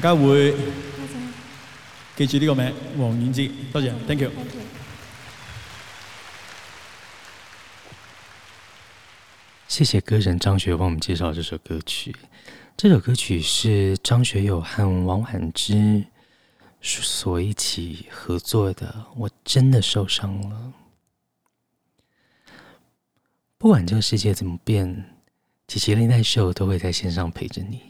大家會記住呢個名王菀之，多謝，thank you。謝謝歌神張學友，幫我們介紹這首歌曲。這首歌曲是張學友和王菀之所一起合作的。我真的受傷了，不管這個世界怎麼變，姐姐林黛秀都會在線上陪着你。